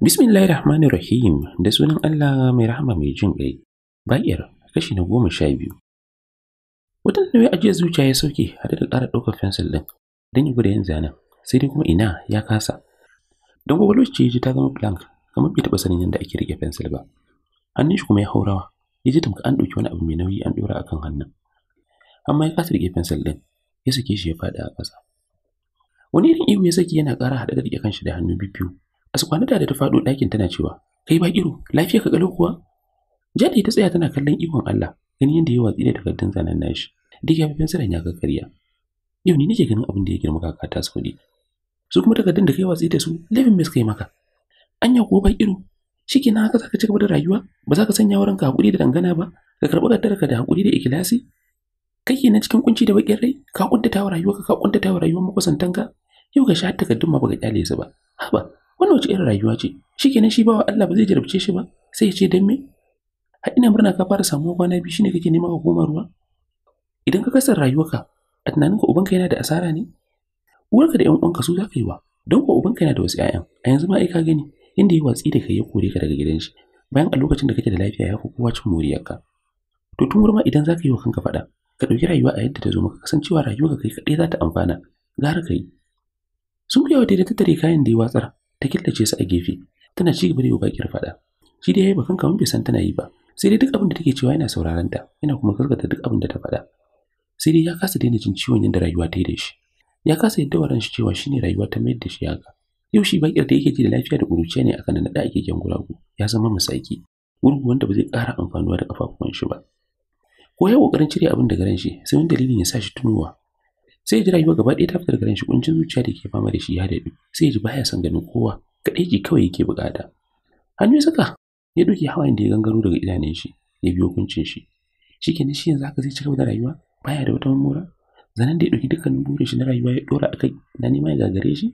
Bismillahir Rahmanir Rahim da sunan Allah mai rahama mai jin ƙai. Ba'ir kashi na goma sha biyu. Wata a jiya zuciya ya sauke haɗe da ƙara ɗaukar fensil ɗin don yi gwada yin zanen sai dai kuma ina ya kasa. Don gwagwalo ce ji ta zama flank kamar bai taɓa sanin yadda ake riƙe fensil ba. Hannun shi kuma ya haurawa ya ji tamka an ɗauki wani abu mai nauyi an ɗora akan hannun. amma ya kasa rike fensil ɗin ya sake shi ya fada a ƙasa wani irin ihu ya saki yana ƙara haɗa da rike kanshi da hannu biyu a su kwana da ta faɗo ɗakin tana cewa kai ba iro lafiya ka kalo kuwa jadi ta tsaya tana kallon ihun Allah ganin yadda ya watsi da takardun zanen nashi duk ya fi fensilan ya karya yau ni nake ganin abin da ya girma kakata su kuɗi su kuma takardun da kai watsi da su laifin me kai yi maka anya ko ba iro shike na haka zaka ci gaba da rayuwa ba za ka sanya wurin hakuri da dangana ba ka karɓi kaddarka da hakuri da ikilasi ke na cikin kunci da bakin rai ka kuntata wa rayuwarka ka kuntata wa rayuwar makusantanka yau ga shahadar takardun ma baka kyale su ba haba wannan wace irin rayuwa ce shikenan shi bawa Allah ba zai jarabce shi ba sai ya ce dan me a ina murna ka fara samu kwana biyu shine kake nema ka koma ruwa idan ka kasar rayuwarka a tunanin tunaninka ubanka yana da asara ne uwarka da yan uwanka su za ka yi wa don ko ubanka yana da wasu 'ya'yan a yanzu ma ai ka gani inda ya watsi da kai ya kore ka daga gidan shi bayan a lokacin da kake da lafiya ya fi kowa cin ka to tun ma idan za ka yi wa kanka faɗa ka ɗauki rayuwa a yadda ta zo maka kasancewa rayuwa kai kaɗai za ta amfana gara ka yi sun kuyawa daidai ta tare kayan da ya watsar ta killace su a gefe tana ci gaba da yi bakir faɗa shi dai ya yi bakan kamar bai san tana yi ba sai dai duk abin da take cewa yana sauraron ta yana kuma gargata duk abin da ta faɗa sai dai ya kasa daina jin ciwon yadda rayuwa ta yi da shi ya kasa yadda wa shi cewa shine rayuwa ta mayar da shi haka yau shi bakir da yake ji da lafiya da ƙuruciya ne akan da naɗa ake gyan guragu ya zama musaki gurgu wanda ba zai ƙara amfanuwa da kafafuwan shi ba ko ya kokarin cire abin da ran shi sai wani dalilin ya sa shi tunuwa. sai ya ji rayuwa gaba ɗaya ta fita daga shi kuncin zuciya da ke fama da shi ya daɗu sai ya ji baya son ganin kowa kaɗai ke kawai yake buƙata hannu ya saka ya ɗauki hawayen da ya gangaro daga idanun shi ya biyo kuncin shi shi kenan shi yanzu haka zai ci gaba da rayuwa baya da wata mummura? zanen da ya ɗauki dukkanin burin shi na rayuwa ya ɗora a kai na nema ya gagare shi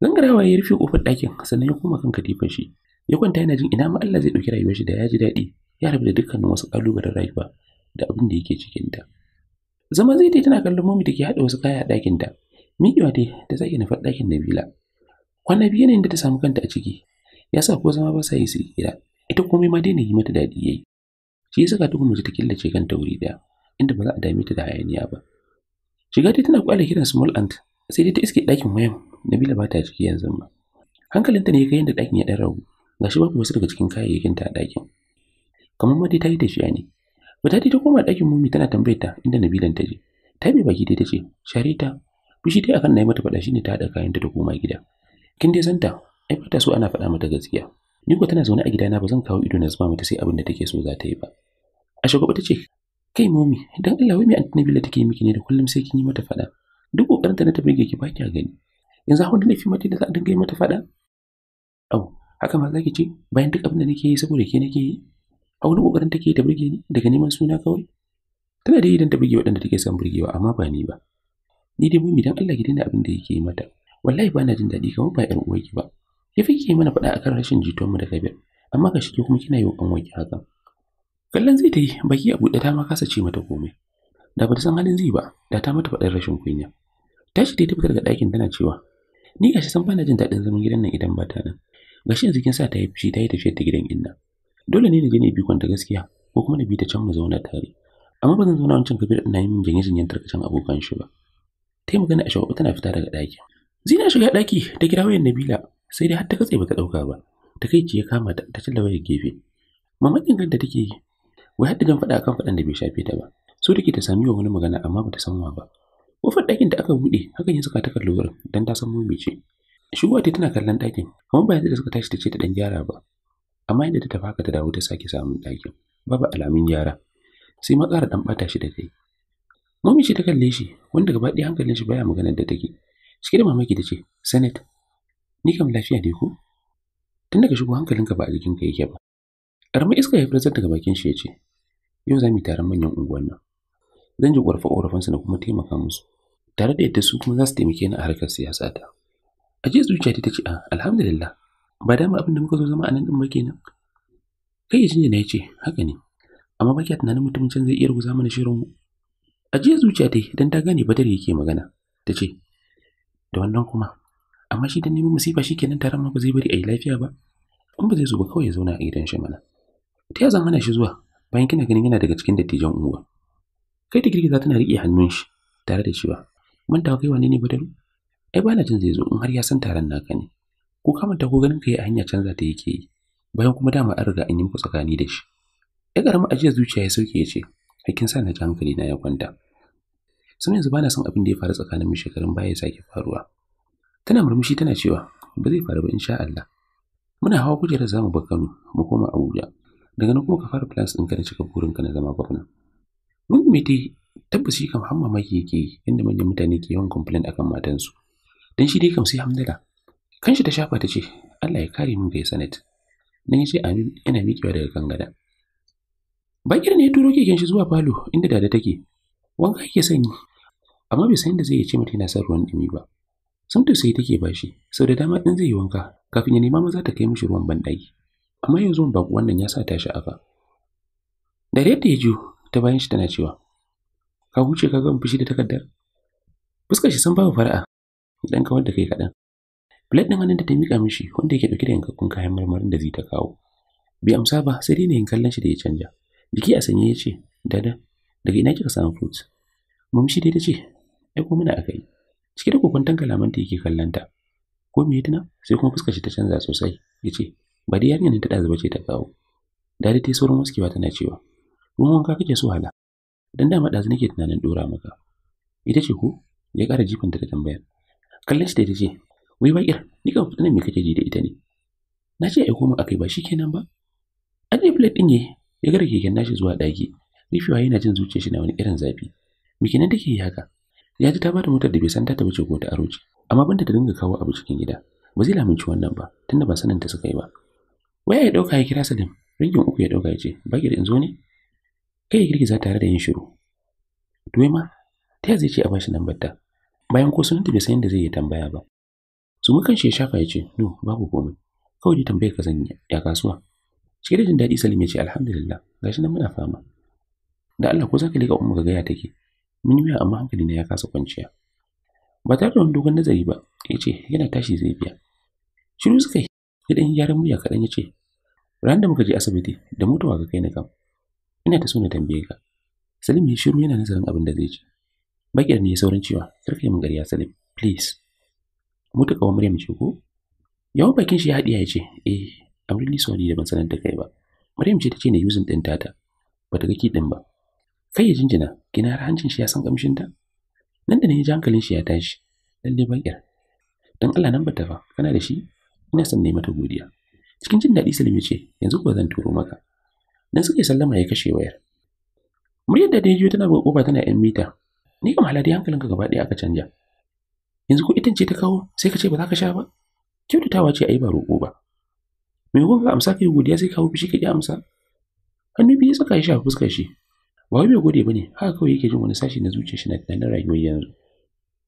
gangarawa ya rufe kofar ɗakin sannan ya koma kan katifar shi ya kwanta yana jin ina ma Allah zai ɗauki rayuwar shi da ya ji daɗi ya rabu da dukkanin wasu ƙalubalen rayuwa da abin da yake cikinta. Zama zai dai tana kallon mami da ke haɗa wasu kaya a ɗakinta. Miƙewa dai ta sake nufar ɗakin Nabila. Kwana biyu ne da ta samu kanta a ciki. Ya sa ko zama ba sa yi su gida. Ita komai ma daina yi mata daɗi yayi. Shi ya saka ta kuma ta killace kanta wuri ɗaya, inda ba za a dame ta da hayaniya ba. Shiga dai tana kwala kiran small ant, sai dai ta iske dakin wayan Nabila ba ta ciki yanzu ma. Hankalinta ne ya kai yadda ɗakin ya ɗan ragu. Gashi babu wasu daga cikin kayayyakinta a ɗakin. Kamar ma dai ta yi shi ne, Bata ta koma ɗakin mummi tana tambayar ta inda Nabilan ta je. Ta bi baki dai ta ce, Sharita, bishi dai akan na yi mata faɗa shine ta haɗa kayan ta koma gida. Kin dai santa, ai fata ta so ana faɗa mata gaskiya. Ni ko tana zaune a gidana ba zan kawo ido na zuba mata sai abin da take so za ta yi ba. A shugaba ta ce, Kai momi, dan Allah wai me Aunt Nabila take miki ne da kullum sai kin yi mata faɗa. Duk kokarin ta na ta burge ki ba kya gani. Yanzu hawo da laifi mata da za a dinga yi mata faɗa? Au, haka ma zaki ce bayan duk abin da nake yi saboda ke nake yi? a wani kokarin take ta burge ni daga neman suna kawai tana da idan ta burge waɗanda take son burgewa amma ba ni ba ni dai mun idan Allah ki dinda abin da yake mata wallahi ba na jin daɗi kamar ba ƴar ki ba ki fi kike mana faɗa akan rashin jituwar mu da kabir amma ka shige kuma kina yi wa kanwarki haka kallon zai ta yi baki a buɗe ta ma kasa ce mata komai da ba ta san halin zai ba da ta mata faɗar rashin kunya tashi dai ta fitar da ɗakin tana cewa ni gashi san bana jin daɗin zaman gidan nan idan ba ta nan gashi yanzu kin sa ta yi fushi ta yi tafiyar ta gidan inna dole ne na jini bi kwanta gaskiya ko kuma na bi ta can mu zauna tare amma ba zan zauna wancan kabir ina yin janye janyen tarkacen abokan shi ba ta yi magana a shawar tana fita daga ɗakin zina shiga ɗaki ta kira wayan nabila sai dai har ta katse baka ɗauka ba ta kai ya kama ta ta cilla wayar gefe mamakin ganta take yi wai hadda jan faɗa akan faɗan da bai shafe ta ba so ke ta sami wani magana amma bata san wa ba kofar ɗakin da aka bude hakan ya ka ta kalli wurin dan ta san mu ce shigowa ta tana kallon ɗakin kamar ba yadda suka tashi ta ce ta ɗan gyara ba amma yadda ta tafi haka ta dawo ta sake samun ɗakin babu alamun yara sai ma ɗan ɓata shi da kai momi ce ta kalle shi wanda gaba ɗaya hankalin shi baya magana da take cike da mamaki da ce senate ni kam lafiya ne ko tun daga shigo hankalinka ba a jikinka yake ba ƙaramin iska ya fitar daga bakin shi ya ce yau za mu taron manyan unguwan nan zan ji ƙwarfa ƙorafinsu na kuma taimaka musu tare da yadda su kuma za su taimake ni a harkar siyasa ta a jiya zuciya ta ce a ah, alhamdulillah ba dama abin da muka zo zama a nan ɗin ba kenan kai ya na ya ce haka ne amma ba kya tunanin mutumin can zai iya ruguza mana shirin mu ajiya zuciya ta yi don ta gane badar yake magana ta ce da wannan kuma amma shi da neman musifa shi kenan taron ma ba zai bari a yi lafiya ba in ba zai zo ba kawai ya zauna a gidan shi mana ta zan hana shi zuwa bayan kina ganin yana daga cikin dattijan unguwa kai ta girgiza tana riƙe hannun shi tare da cewa mun tawa kai wane ne badaru ai ba na jin zai zo in har ya san taron naka ne ko kamar manta ko ganin ka yi a hanya canza ta yake yi bayan kuma dama an riga an yi muku tsakani da shi ya karama ajiyar zuciya ya sauke ya ce hakkin sa na ji hankali na ya kwanta sun yanzu bana son abin da ya faru tsakanin mu shekarun baya ya sake faruwa tana murmushi tana cewa ba zai faru ba insha Allah muna hawa kujerar zamu bar Kano mu koma Abuja daga nan kuma ka fara plans ɗinka na cika burinka na zama gwamna mun mete tabbas shi kam hamma maki yake inda manyan mutane ke yawan complain akan matansu dan shi dai kam sai hamdala Kanshi ta shafa ta ce, Allah ya kare mu ya sanat. Nan ya ce amin yana miƙewa daga kan gada. Bakir ne ya turo keken shi zuwa falo inda dada take. Wanka yake sanyi, amma bai san da zai ce mata yana son ruwan dumi ba. Sun sai take bashi, sau da dama in zai yi wanka kafin ya nema maza ta kai mishi ruwan banɗaki. Amma yanzu ba wannan ya sa ta sha'afa. Da yadda ya ju ta bayan shi tana cewa, Ka huce ka gan fushi da takardar? Fuskar shi sun babu fara'a, dan kawar da kai kaɗan. Plate ɗin da ta miƙa mishi wanda yake ɗauke da yankakkun kayan marmarin da zai ta kawo. Bai amsa ba sai dai yin kallon shi da ya canja. Jiki a sanye ya ce, Dada, daga ina kika samu fruit? Mamshi dai ta ce, Ai ko muna aka yi. Cike da kokwanton kalamanta yake kallonta. Ko me tuna? Sai kuma fuskar shi ta canza sosai. Ya ce, Ba dai yarinya yarinyar ta ɗazu ba ce ta kawo. Dada ta yi sauran waskewa tana cewa, Ruwan wanka kake so hala. Dan dama ɗazu nake tunanin ɗora maka. Ita ce ko? Ya ƙara jifanta ta tambayar. Kallon shi da ta ce, wai baƙir ni ka fitinan me kake ji da ita ne na ce ai min akai ba shikenan ba aje plate din ne ya gara keken nashi zuwa daki rifiwa yana jin zuciyar shi na wani irin zafi mikinan take yi haka ya ji ta ba da motar da bai san ta tabbace ko ta aro amma banda ta dinga kawo abu cikin gida ba zai lamunci wannan ba tunda ba sanin ta suka yi ba waya ya ɗauka ya kira salim ringin uku ya dauka ya ce da in zo ne kai ya za tare da yin shiru to ma ta zai ce a bashi lambar ta bayan ko sunanta bai san yadda zai yi tambaya ba su mukan kanshi ya shafa ya ce no babu komai kawai dai tambayar ka zanyi ya kasuwa cike da jin daɗi salim ya ce alhamdulillah gashi nan muna fama da Allah ko zaka leka umma ga gaya take mun yi amma hankali na ya kasa kwanciya ba tare da wani dogon nazari ba ya ce yana tashi zai biya shiru suka yi ya ɗan gyaran murya kaɗan ya ce ran da muka je asibiti da mutuwa ga kai na kam ina ta so na tambaye ka salim ya shiru yana nazarin abin da zai ce da ne sauran cewa kar yi mun gariya salim please mutu kawai Maryam ce ko yawan bakin shi ya haɗiya ya ce eh I'm really sorry da ban sanar da kai ba Maryam ce ta ce na using din tata ba ta ga kiɗin ba kai ya jinjina kina har hancin shi ya san kamshin ta nan da ne ji hankalin shi ya tashi lalle bakir dan Allah nan bata fa kana da shi ina son ne mata godiya cikin jin daɗi Salim ya ce yanzu kuwa zan turo maka dan suka yi sallama ya kashe wayar muryar da ta jiyo tana buga kofa tana yan mita ni kam halari hankalinka gaba ɗaya aka canja yanzu ko itan ce ta kawo sai ka ce ba za ka sha ba kyautatawa ce a yi ba roƙo ba mai hukun amsa ka yi godiya sai kawo fushi ka ƙi amsa hannu biyu tsaka ya shafa fuskar shi ba wai bai gode ba ne haka kawai yake jin wani sashi na zuciya shi na tunanin rayuwar yanzu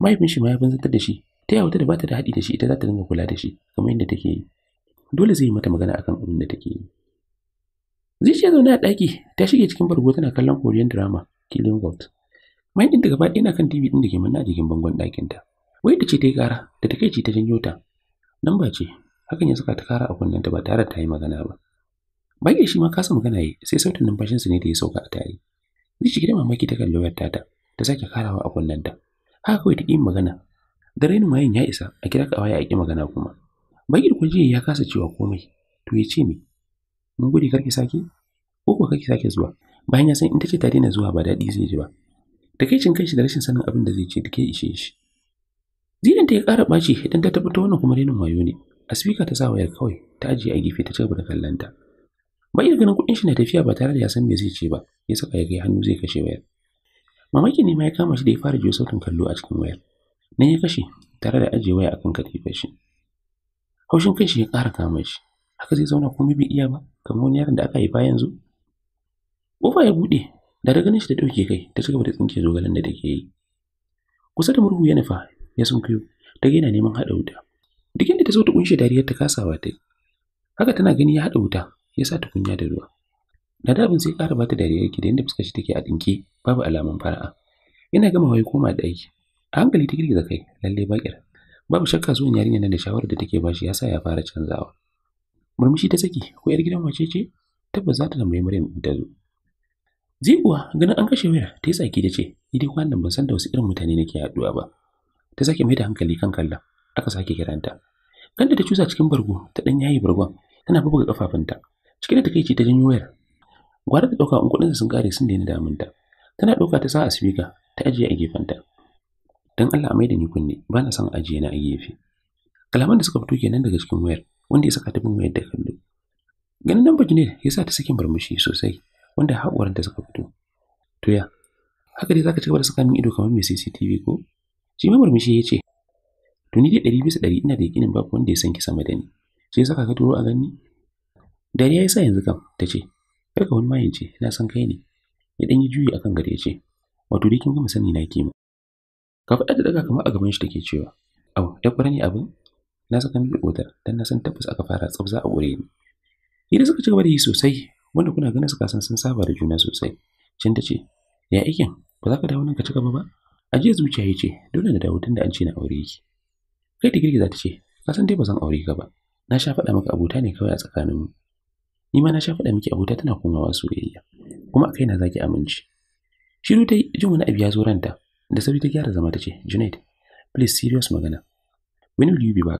mahaifin shi ma ya banzantar da shi ta yawa da bata da haɗi da shi ita za ta dinga kula da shi kamar yadda take yi dole zai yi mata magana akan abin da take yi ce zaune a ɗaki ta shige cikin bargo tana kallon korean drama killing world mahaifin ta gaba ɗaya na kan tv ɗin da ke manna a jikin bangon ɗakinta wai da ce ta yi kara da ta kai ta janyo ta nan ba ce hakan ya saka ta kara a kunnenta ba tare da ta yi magana ba baƙi shi ma kasa magana yi sai sautin numfashinsa ne da ya sauka a tare zai cike da mamaki ta kalli wayar tata ta sake karawa a kunnenta haka kawai ta ƙi magana da rainu mayan ya isa a kira ka a waya a ƙi magana kuma baƙi da ya kasa cewa komai to ya ce ni? mun gode karki sake ko kuwa kake sake zuwa bayan ya san in ta ce ta daina zuwa ba daɗi zai ji ba kai shi da rashin sanin abin da zai ce take ishe shi Zinin ta ya ƙara ɓaci idan ta tabbata wannan kuma renin wayo ne. A speaker ta sa wayar kawai ta ajiye a gefe ta cigaba da kallon ta. Bai ganin kuɗin shi na tafiya ba tare da ya san me zai ce ba, ya saka ya kai hannu zai kashe wayar. Mamakin ne ma ya kama shi da ya fara jiyo sautin kallo a cikin wayar. Nan ya kashe tare da ajiye waya akan katifar shi. Haushin kai shi ya ƙara kama shi. Haka zai zauna komai bai iya ba, kamar wani yaron da aka haifa yanzu. Ƙofa ya buɗe, da ganin shi da ɗauke kai, ta cigaba da tsinke zogalen da take yi. Kusa da murhu ya nufa, ya sunkuyo ta ga neman haɗa wuta duk inda ta so ta kunshe dariyar ta kasawa ta haka tana gani ya haɗa wuta ya sa tukunya da ruwa da dabin sai ƙara bata dariyar ki da yadda fuskar shi take a dinki, babu alaman fara'a yana gama wai koma da aiki a hankali ta girgiza kai lalle bakir babu shakka zuwan yarinya nan da shawarar da take bashi ya sa ya fara canzawa murmushi ta saki ko yar gidan wace ce tabbas za ta tambayi Maryam in ta zo zai kuwa ganin an kashe waya ta yi tsaki da ce ni dai kwanan ban san da wasu irin mutane nake haɗuwa ba ta sake mai da hankali kan kallon aka sake kiranta kanta ta cusa cikin bargo ta dan yayi bargon tana bubuga kafafunta cikin da takeici ta janyo wayar gwara ta dauka kudin sun kare sun daina damunta tana dauka ta sa a speaker ta ajiye a gefen ta. dan Allah mai da ni kunne ba na son ajiye na a gefe kalaman da suka fito kenan daga cikin wayar wanda ya saka ta bin wayar da kallo ganin nan bajinir ya sa ta sakin murmushi sosai wanda haƙuwar da suka fito to ya haka dai zaka ci gaba da saka min ido kamar mai CCTV ko shi ma murmushi ya ce tuni dai ɗari bisa ɗari ina da yakinin babu wanda ya san ki sama da ni shi ka turo a ganni dariya ya sa yanzu kam ta ce kar ka wani mayance na san kai ne ya ɗan yi juyi akan gare ya ce wato dai kin gama sani na kima ka faɗa da daga kamar a gaban shi take cewa au ya kwara ne abin na saka miki odar dan na san tabbas aka fara tsabza a gure ni idan suka ci gaba da yi sosai wanda kuna ganin suka san sun saba da juna sosai can ta ce ya aikin ba za ka dawo nan ka ci gaba ba A jiya zuciya ya ce, dole na dawo tunda an ce na aure yake Kai ta girgiza ta ce, ka san dai ba zan aure ka ba. Na sha faɗa maka abota ne kawai a tsakanin mu Ni ma na sha faɗa miki abota tana komawa soyayya. Kuma a na zaki zaki amince. Shiru ta jin wani abu ya zo ranta. Da sauri ta gyara zama ta ce, Junaid, please serious magana. When will you be back?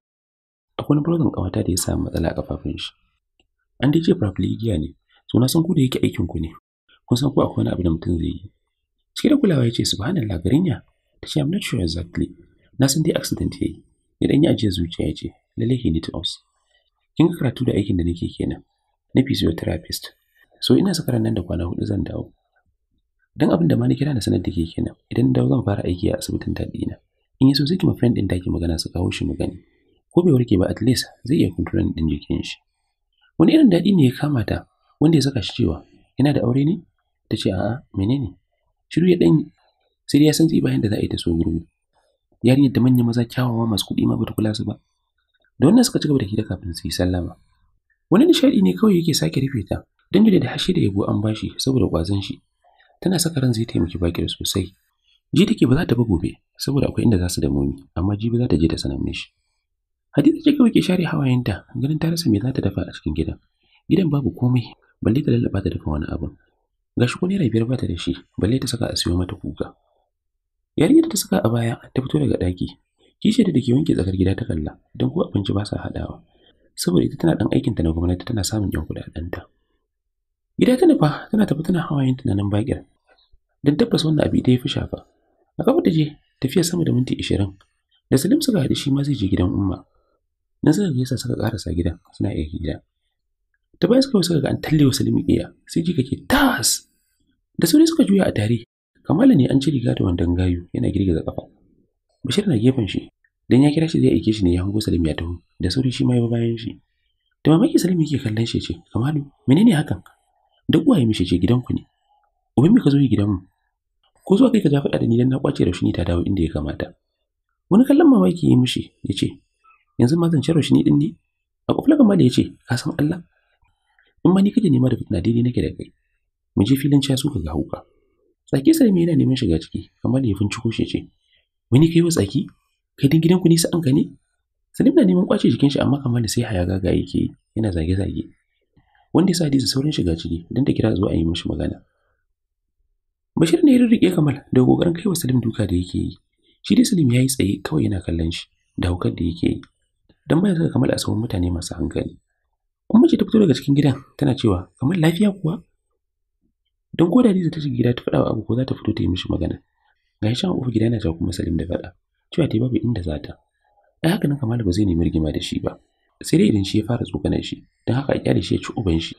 Akwai wani brother kawata da ya samu matsala a kafafun shi. An dai ce paraplegia ne, suna san ku da yake aikin ku ne. Kun san ko akwai wani abu da mutum zai yi. cike da kulawa ya ce subhanallah lagarinya. ta ce i'm not sure exactly na san dai accident yayi ya dan yi ajiye zuciya ya ce lalle he need us kin ga karatu da aikin da nake kenan na physiotherapist so ina saka nan da kwana hudu zan dawo dan abin da ma na kira na sanar da ke kenan idan dawo zan fara aiki a asibitin daɗi na in yi so sai ma friend din daki magana su kawo shi magani ko bai warke ba at least zai iya control din jikin shi wani irin daɗi ne ya kama ta wanda ya saka shi cewa ina da aure ne ta ce a'a menene shiru ya danyi sai dai ya san bayan da za a yi ta so gurbi yarinyar da manyan maza kyawawa masu kuɗi ma bata kula su ba da wannan suka ci gaba da hira kafin su yi sallama wani nishadi ne kawai yake sake rufe ta don da hashe da yabo an bashi saboda kwazon shi tana saka ran zai taimaki da sosai ji take ba za ta ba gobe saboda akwai inda za su da muni amma ba za ta je ta sanar shi. hadiza ce kawai ke share hawayenta ganin ta rasa me za ta dafa a cikin gidan gidan babu komai balle ta lallaba ta dafa wani abu ga shi ko naira biyar ba ta da shi balle ta saka a siyo mata kuka yarinyar ta saka a baya ta fito daga daki, kishiyar da ke wanke tsakar gida ta kalla don ko abinci ba sa haɗawa saboda ita tana ɗan aikinta na gwamnati tana samun yan ta. gida ta nufa tana tafi tana hawayen tunanin bakir don tabbas wannan abu ita ya fi shafa a kafa ta je tafiya sama da minti ashirin da salim suka haɗu shi ma zai je gidan umma nan suka gaisa suka ƙarasa gidan suna iya gida ta bayan suka suka ga an talle wa Salim iya sai ji ke tas da sauri suka juya a tare Kamala ne an ci riga da wandan gayu yana girgiza kafa Bashir na gefen shi dan ya kira shi zai aike shi ne ya hango Salim ya taho da sauri shi ma ya bayan shi da mamaki Salim yake kallon shi ce Kamalu menene hakan duk waye mishi ce gidanku ne ubin me ka zo gidanmu ko zuwa kai ka ja faɗa da ni dan na kwace ni ta dawo inda ya kamata wani kallon mamaki ya mishi ya ce yanzu ma zan shi ni din ne a kofla kamar da ya ce ka san Allah in ma ni kaje nema da fitina daidai nake da kai mu je filin casu suka ga hauka tsaki sarmi yana neman shiga ciki kamar ya ciko shi ce wani kai wa tsaki kai din gidanku nisa an ka ne salim na neman kwace jikin shi amma kamar sai haya gaga yake yana zage-zage wanda ya sa Hadiza saurin shiga ciki don da kira zuwa a yi mishi magana Bashir ne ya rike Kamal da kokarin wa Salim duka da yake yi. Shi dai Salim ya yi tsaye kawai yana kallon shi da haukar da yake yi. Dan ya saka Kamal a sauran mutane masu hankali. Kuma mace ta fito daga cikin gidan tana cewa kamar lafiya kuwa. Don ko da Hadiza ta shiga gida ta faɗa wa Abu ko za ta fito ta yi mishi magana. Ga shi shan gida yana cewa kuma Salim da faɗa. Cewa ta babu inda za ta. Ai haka nan kamar ba zai nemi rigima da shi ba. Sai dai idan shi ya fara tsokanar shi. Don haka a kyale shi ya ci uban shi.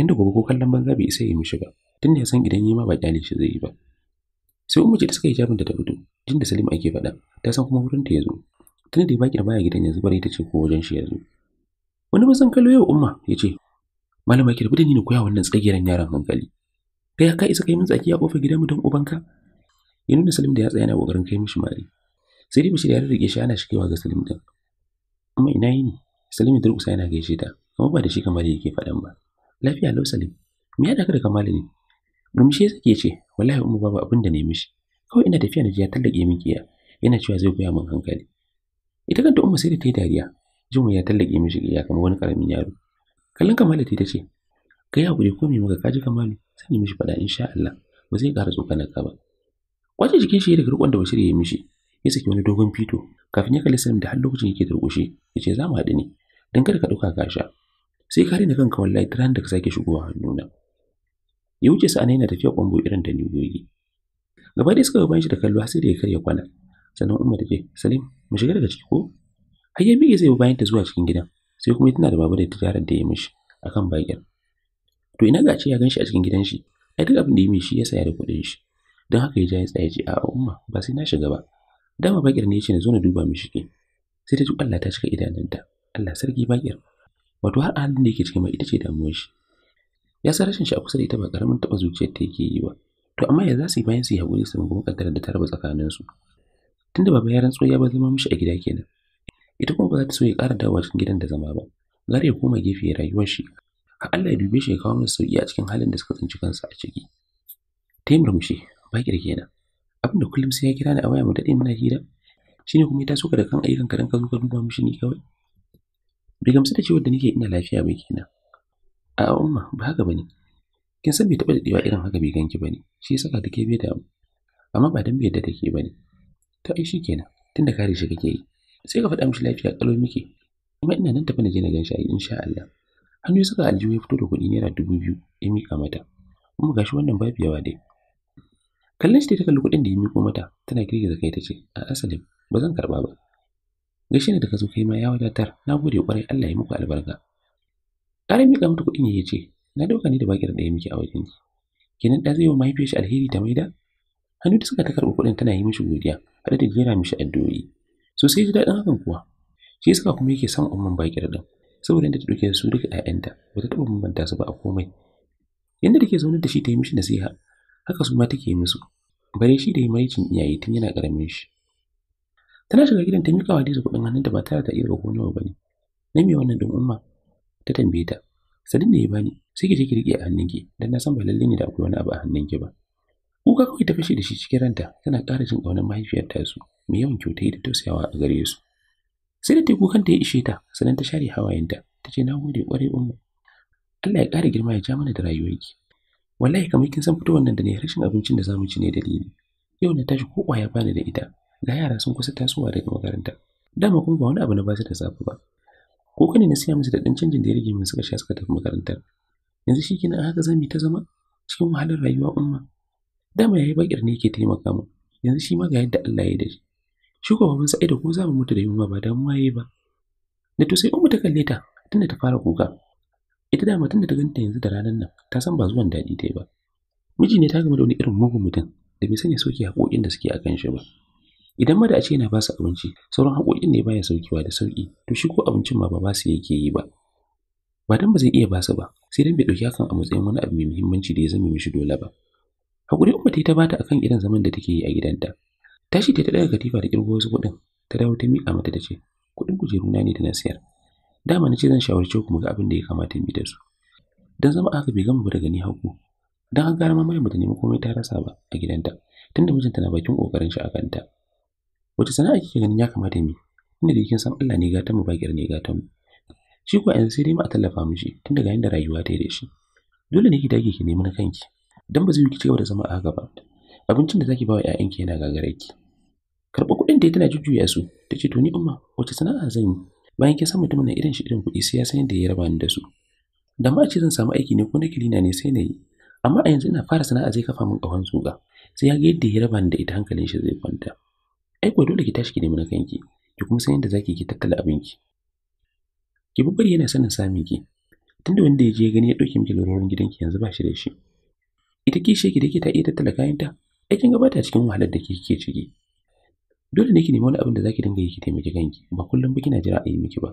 Inda gobe ko kallon banza bai isa ya yi mishi ba. Tun da ya san idan yi ma ba kyale shi zai yi ba. Sai Umma ta suka yi jabin da ta fito. Jin da Salim ake faɗa. Ta san kuma wurin ta ya zo. Tun da ya baki da baya gidan yanzu bari ta ce ko wajen shi ya zo. wani bazan kallo yau umma ya ce malama ki rubuta ni ne koya wannan tsagiran yaran hankali kai ka isa kai mun tsaki a kofar gidan mutum ubanka ya nuna salim da ya tsaya yana kokarin kai mishi mari sai dai bashir ya rage shi ana shigewa ga salim din amma ina yini salim ya durƙusa yana gaishe ta amma ba da shi kamar yake faɗan ba lafiya lau salim me ya daka da kamali ne murmushi ya ce wallahi umma babu abin da ne mishi kawai ina tafiya na ji ya tallake min kiya yana cewa zai koya min hankali ita kanta umma sai da ta yi dariya Jimu ya tallake mishi iya kamar wani karamin yaro. Kallon Kamalu ta ce, kai yi hakuri ko me muka kaji Kamalu, sani mishi faɗa insha Allah, ba zai ƙara tsokanar ka ba." Kwace jikin shi daga riƙon da Bashir ya mishi, ya saki wani dogon fito kafin ya kalli sanin da har lokacin yake turkushe ya ce za mu haɗu ne don kada ka ɗauka ka sha sai ka rena kanka wallahi ta da ka sake shigowa hannuna ya wuce sa'ana yana tafiya kwambo irin da niyoyi gaba ɗaya suka gaban shi da kallo har sai da ya karya kwana sannan umma ta ce salim mu shiga daga ciki ko har ya miƙe zai bayan ta zuwa cikin gidan sai kuma tana da babu da tijarar da ya mishi akan bakin to ina ga ce ya ganshi a cikin gidan shi ai duk abin da ya mishi ya saya da kuɗin shi don haka ya ja ya tsaya ce a umma ba sai na shiga ba dama bakir ne yace na zo na duba mishi ke sai ta ji Allah ta cika idanunta Allah sarki bakir wato har a halin da yake cikin mai ita ce damuwar shi ya san rashin shi a kusa da ita ba karamin taɓa zuciyar ta yake yi ba to amma ya za su yi bayan su yi haƙuri su rungu da ta raba tsakaninsu tunda baba ya rantsuwa ya ba zama mishi a gida kenan ita kuma ba za ta so ya ƙara dawowa cikin gidan da zama ba gara ya koma gefe ya rayuwar shi har Allah ya dube shi ya kawo masa sauki a cikin halin da suka tsinci kansa a ciki ta yi murmushi ba ki da kenan abinda kullum sai ya kira ni a waya mu daɗe muna hira shine kuma ya taso ka da kan ayyukan ka dan ka zo ka duba mishi ni kawai bai gamsu da cewa da nake ina lafiya ba kenan a umma ba haka bane kin san bai taɓa daɗewa irin haka bai ganki bane shi yasa da ke bai damu amma ba dan bai yadda take bane to ai shikenan tunda kare shi kake yi sai ka faɗa mishi lafiya ƙalau muke kuma ina nan tafi na je na gan shi ai insha Allah hannu suka aljihu ya fito da kuɗi naira dubu biyu ya miƙa mata kuma gashi wannan babu yawa dai kallon shi ta kalli kuɗin da ya miƙo mata tana girgiza kai ta ce a asalin ba zan karɓa ba gashi da ka zo kai ma ya wadatar na gode kwarai Allah ya muku albarka ƙarin miƙa mata kuɗin ya ce na dauka ni da bakin ɗaya miki a wajen ki kenan da zai wa mahaifiyar shi alheri ta maida hannu ta suka ta karɓi kuɗin tana yi mishi godiya haɗa da jera mishi addu'o'i sosai ji daɗin hakan kuwa shi suka kuma yake son umman bakir din saboda inda ta dauke su duka ƴaƴanta ba ta taɓa bambanta su ba a komai yanda take zaune da shi ta yi mishi nasiha haka su ma take yi musu bare shi da yi cin iyaye tun yana ƙaramin shi tana shiga gidan ta miƙa wa Hadiza kuɗin da ba tare da iya gona nawa bane na mai wannan din umma ta tambaye ta sadin da ya bani sai ki je ki rike a hannunki dan na san ba lalle ne da akwai wani abu a hannunki ba kuka kawai ta fashe da shi cikin ranta tana ƙara jin ƙaunar mahaifiyar ta su mai yawan kyautai da tausayawa a gare su sai da teku kanta ya ishe ta sannan ta share hawayenta ta ce na gode kwarai umma Allah ya ƙara girma ya ja mana da rayuwarki wallahi kamar kin san fito wannan da ne rashin abincin da zamu ci ne dalili yau na tashi ko ƙwaya bani da ita ga yara sun kusa tasowa daga makaranta dama kuma ba wani abu na basu da safe ba ko kane na siya musu da ɗan canjin da ya rage min suka sha suka tafi makarantar yanzu shi kina haka zan ta zama cikin wahalar rayuwa umma dama yayi bakir ne yake taimaka mu yanzu shi ma ga yadda Allah ya yi da shi shi kuwa baban sa'idu ko za mu mutu da yunwa ba mu waye ba da to sai Umu ta kalle ta tunda ta fara kuka ita da matan da ta ganta yanzu da ranar nan ta san ba zuwan daɗi ta yi ba miji ne ta gama da wani irin mugun mutum da bai sanya sauki haƙoƙin da suke a kan shi ba idan ma da a ce yana ba su abinci sauran haƙoƙin ne baya saukewa da sauƙi to shi ko abincin ma ba ba su yake yi ba ba dan ba zai iya ba su ba sai dan bai ɗauki hakan a matsayin wani abu mai muhimmanci da ya zama mishi dole ba haƙuri umma ta bata akan irin zaman da take yi a gidanta tashi ta daga katifa da kirgo wasu kuɗin ta dawo ta miƙa mata ta ce kuɗin kujeruna ne da na siyar dama na ce zan shawarce ku mu ga abin da ya kamata mu da su dan zama aka bai gama ba daga ni hagu dan an gara mamayen bata nemi komai ta rasa ba a gidanta tunda mijinta na bakin kokarin shi a kanta wata sana'a kike ganin ya kamata mu inda da kin san Allah ne gatan mu bakir ne gatan mu shi ko yanzu sai dai ma a tallafa mishi tun daga yanda rayuwa ta yi da shi dole ne ki dage ki nemi na kanki dan ba zai yi ki cigaba da zama a haka ba abincin da zaki ba wa ‘ya'yanki yana gagarar ki. Karɓar kuɗin da tana jujjuya su, ta ce to ni umma wace sana'a zan yi bayan kin san mutumin na irin shi irin kuɗi sai ya san yadda ya raba ni da su. Da ma ce zan samu aiki ne ko na kilina ne sai na yi. Amma a yanzu ina fara sana'a zai kafa min ƙahon zuga sai ya ga yadda ya raba ni da ita hankalin shi zai kwanta. Ai ko dole ki tashi ki nemi na kanki ki kuma san yadda zaki ki tattala abinki. Ki bi bari yana sanin samun ki tunda wanda ya je gani ya ɗauke miki lalurorin gidanki yanzu ba shi da shi. Ita kishe ki da ke ta iya tattala kayanta ai kin ta cikin wahalar da kike ciki dole ne ki nemi wani abin da zaki dinga yi ki taimaki kanki ba kullum ba kina jira a yi miki ba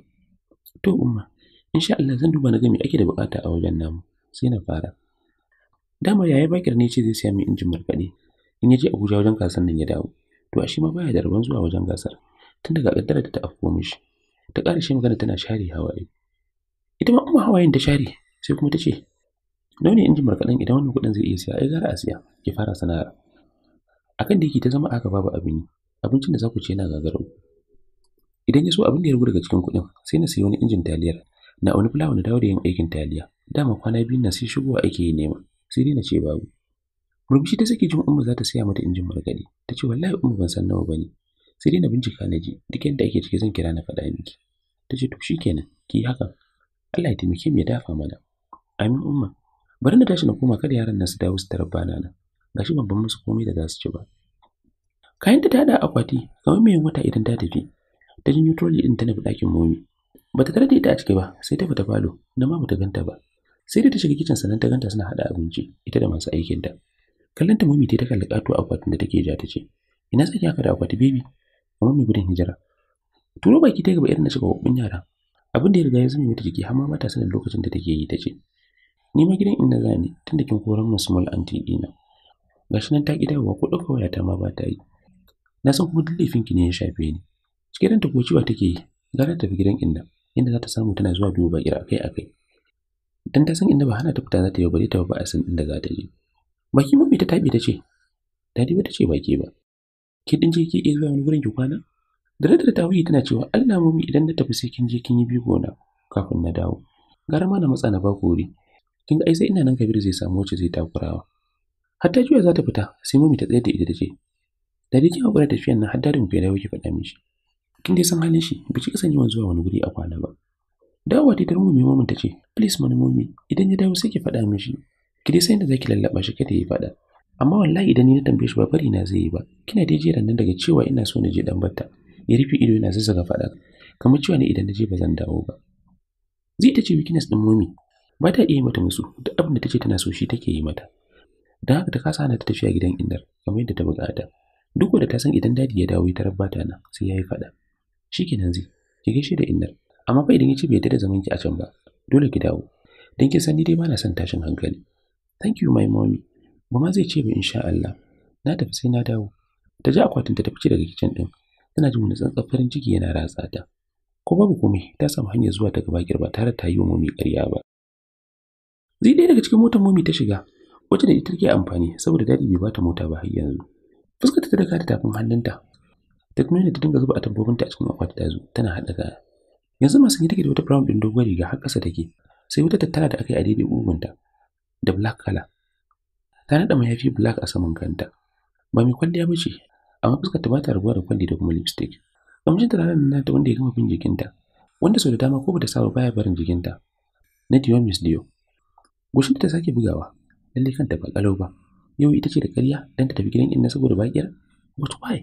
to umma insha Allah zan duba na ga me ake da bukata a wajen namu sai na fara dama yaya bakir ne ce zai siya min injin markaɗe in ya je Abuja wajen gasar nan ya dawo to a shi ma baya da rabon zuwa wajen gasar tun daga kaddara da ta afko mishi ta ƙara shi magana tana share hawaye ita ma umma hawayen ta share sai kuma ta ce nawa ne injin markaɗen idan wannan kuɗin zai iya siya ai gara a siya ki fara sana'ar akan da yake ta zama aka babu abin abincin da za ku ci yana gagarau idan ya so abin da ya rubuta cikin kuɗin sai na sayi wani injin taliyar na auni fulawa na dawo da yin aikin taliya dama kwana biyu na sai shigo ake yi nema sai dai na ce babu murmushi ta sake jin umma za ta saya mata injin margaɗi. ta ce wallahi umma ban san nawa bane sai dai na bincika na ji duk yadda ake ciki zan kira na faɗa miki ta ce to shikenan ki haka Allah ya taimake mu ya dafa mana amin umma bari na tashi na koma kada yaran nan su dawo su tarabba na gashi shi babban musu komai da za su ci ba kayanta ta haɗa akwati kamar mai wata idan ta tafi ta janyo troli din ta nufi ɗakin momi ba ta tare da ita a ciki ba sai ta fita falo na ma bata ganta ba sai da ta shiga kicin sannan ta ganta suna haɗa abinci ita da masu aikin ta kallon ta momi ta kalli ƙato akwatin da take ja ta ce ina sake haka da akwati baby kamar mai gudun hijira turo baki ta gaba irin na shiga babban yara abin da ya riga ya zama mata jiki har ma sanin lokacin da take yi ta ce ni ma gidan inda zani tunda kin koran masu small anti dina gashi nan ta ƙi wa ko ɗauka waya ta ma ba ta yi na san kuma duk ki ne ya shafe ni cikin ranta ko ciwa take yi gara tafi gidan inda inda za ta samu tana zuwa duba baƙi akai akai dan ta san inda ba hana ta fita za ta yi bare ta ba a san inda za ta je baki mami ta tabe ta ce dadi ba ta ce baki ba ki din je ki zuwa wani gurin ki kwana da radar ta wuyi tana cewa Allah mami idan na tafi sai kin je kin yi bigo gona kafin na dawo gara ma na matsa na ba kori kin ga ai sai ina nan Kabir zai samu wacce zai takurawa har ta juya za ta fita sai mami ta tsaye da ita ta ce da dai kin hakura tafiyan nan har da ku ya yake mishi kin dai san halin shi ba kasan yawan zuwa wani guri a kwana ba dawowa ta tarmu mai mamin ta ce please mani mami idan ya dawo sai ki faɗa mishi ki dai san da zaki lallaɓa shi kada ya faɗa amma wallahi idan ni na tambaye shi ba bari na zai yi ba kina dai jiran nan daga cewa ina so na je dan batta ya rufe ido yana zazzaga faɗa kamar cewa ne idan na je ba zan dawo ba zai ta ce weakness din mami ba ta iya mata musu duk abin da ta tana so shi take yi mata da haka ta kasa hana ta tafiya gidan indar kamar yadda ta bukata duk da ta san idan dadi ya dawo ta rabbata nan sai yayi fada shikenan zai ki gaishe da indar amma fa idan ya ce bai da zaman ki a can ba dole ki dawo dan kin san ni dai ba na son tashin hankali thank you my mommy mama zai ce ba insha Allah na tafi sai na dawo ta ji akwatin ta tafi daga kitchen din tana jin wani tsantsan farin ciki yana ratsa ta ko babu komai ta samu hanyar zuwa ta gaba girba tare ta yi wa mami ƙarya ba zai ɗaya daga cikin motar mami ta shiga wacce da ita take amfani saboda dadi bai bata mota ba har yanzu fuskar ta daga da tafin hannunta ta kuma ta dinga zuba atamfofinta a cikin akwati ta zo tana haɗa kaya yanzu masu yi take da wata brown ɗin dogon riga har ƙasa take sai wata tattara da aka yi a daidai ugunta da black color ta naɗa mayafi black a saman kanta ba mai kwalliya ba ce amma fuskar ta bata ta rabuwa da kwalli da kuma lipstick kamshin nan nata wanda ya gama bin jikinta wanda sau da dama ko bata saba baya barin jikinta na Dion Miss Dio. ta sake bugawa, lalle kanta ba kalau ba yau ita ce da ƙarya dan ta tafi gidan inna saboda bakiyar but why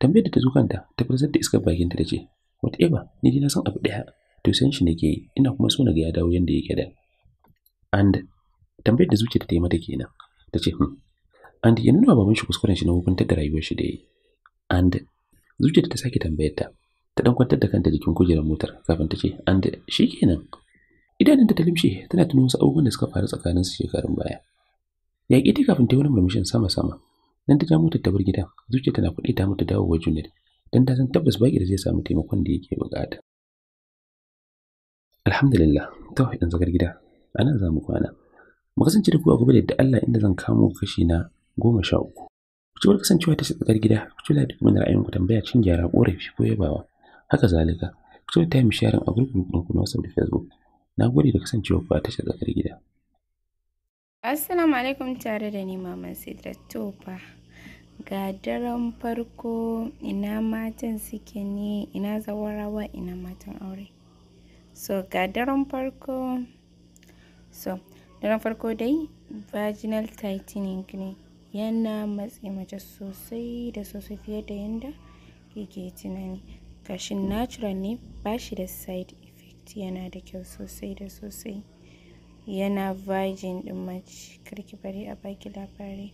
tambayar da ta zo kanta ta farzar da iskar bakinta ta ce whatever ni dai na san abu daya to san shi nake yi ina kuma so na ga ya dawo yanda yake da and tambayar da zuciya ta yi mata kenan ta ce hmm and ya nuna baban shi kuskuren shi na hukuntar da rayuwar shi da yi and zuciyarta ta sake tambayar ta ta dan kwantar da kanta jikin kujerar motar kafin ta ce an da shi kenan ta limshe tana tuno wasu abubuwan da suka faru tsakanin su shekarun baya ya ƙi kafin ta wani murmushin sama-sama nan ta ja motar ta zuciya tana kuɗi ta mata dawowa Junaid dan ta san tabbas baki da zai samu taimakon da yake bukata alhamdulillah tawhid dan zakar gida anan za mu kwana mu kasance da ku a gobe da Allah inda zan kamo kashi na goma sha uku kucewar kasancewa ta tsakar gida kucewa da kuma ra'ayin ku tambaya cin gyara korafi ko yabawa haka zalika kucewa ta yi misharin a gurbin ɗinku na wasu da facebook na gode da kasancewa ku a tashar tsakar gida Assalamu alaikum tare da ni Maman Sidra Tofa. Ga daren farko ina matan suke ne, ina zawarawa, ina matan aure. So ga daren farko, so daren farko dai vaginal tightening ne yana matse mace sosai da sosai fiye da yanda yake tunani. Gashin natural ne, ba da side effect yana da kyau sosai da sosai. yana virgin din mace karki bari a baki labari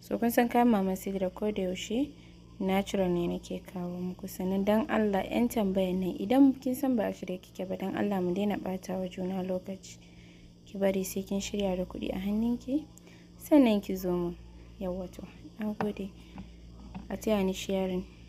so kun san kayan mama da ko da yaushe natural ne nake kawo muku sannan dan Allah yan tambayan nan idan kin san ba a kike ba dan Allah mu daina bata wa juna lokaci ki bari sai kin shirya da kuɗi a hannunki sannan ki zo mu yawwato nagode a taya ni sharing